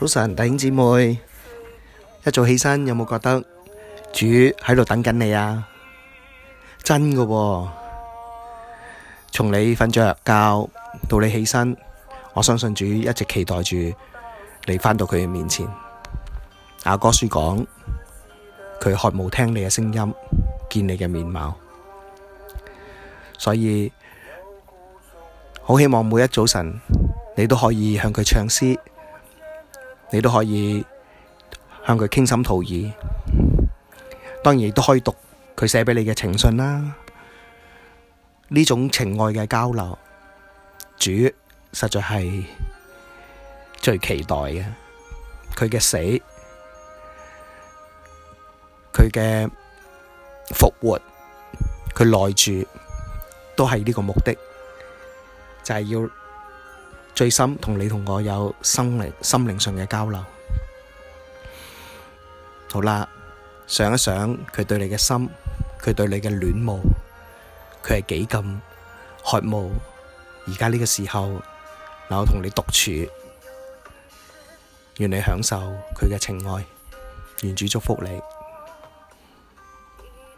早晨，弟兄姊妹，一早起身有冇覺得主喺度等緊你啊？真㗎喎，從你瞓着覺到你起身，我相信主一直期待住你返到佢嘅面前。雅歌書講，佢渴望聽你嘅聲音，見你嘅面貌，所以好希望每一早晨你都可以向佢唱詩。你都可以向佢傾心吐意，當然都可以讀佢寫畀你嘅情信啦。呢種情愛嘅交流，主實在係最期待嘅。佢嘅死，佢嘅復活，佢內住，都係呢個目的，就係、是、要。最深同你同我有心靈上嘅交流，好啦，想一想佢對你嘅心，佢對你嘅戀慕，佢係幾咁渴慕。而家呢個時候，讓我同你獨處，願你享受佢嘅情愛，願主祝福你。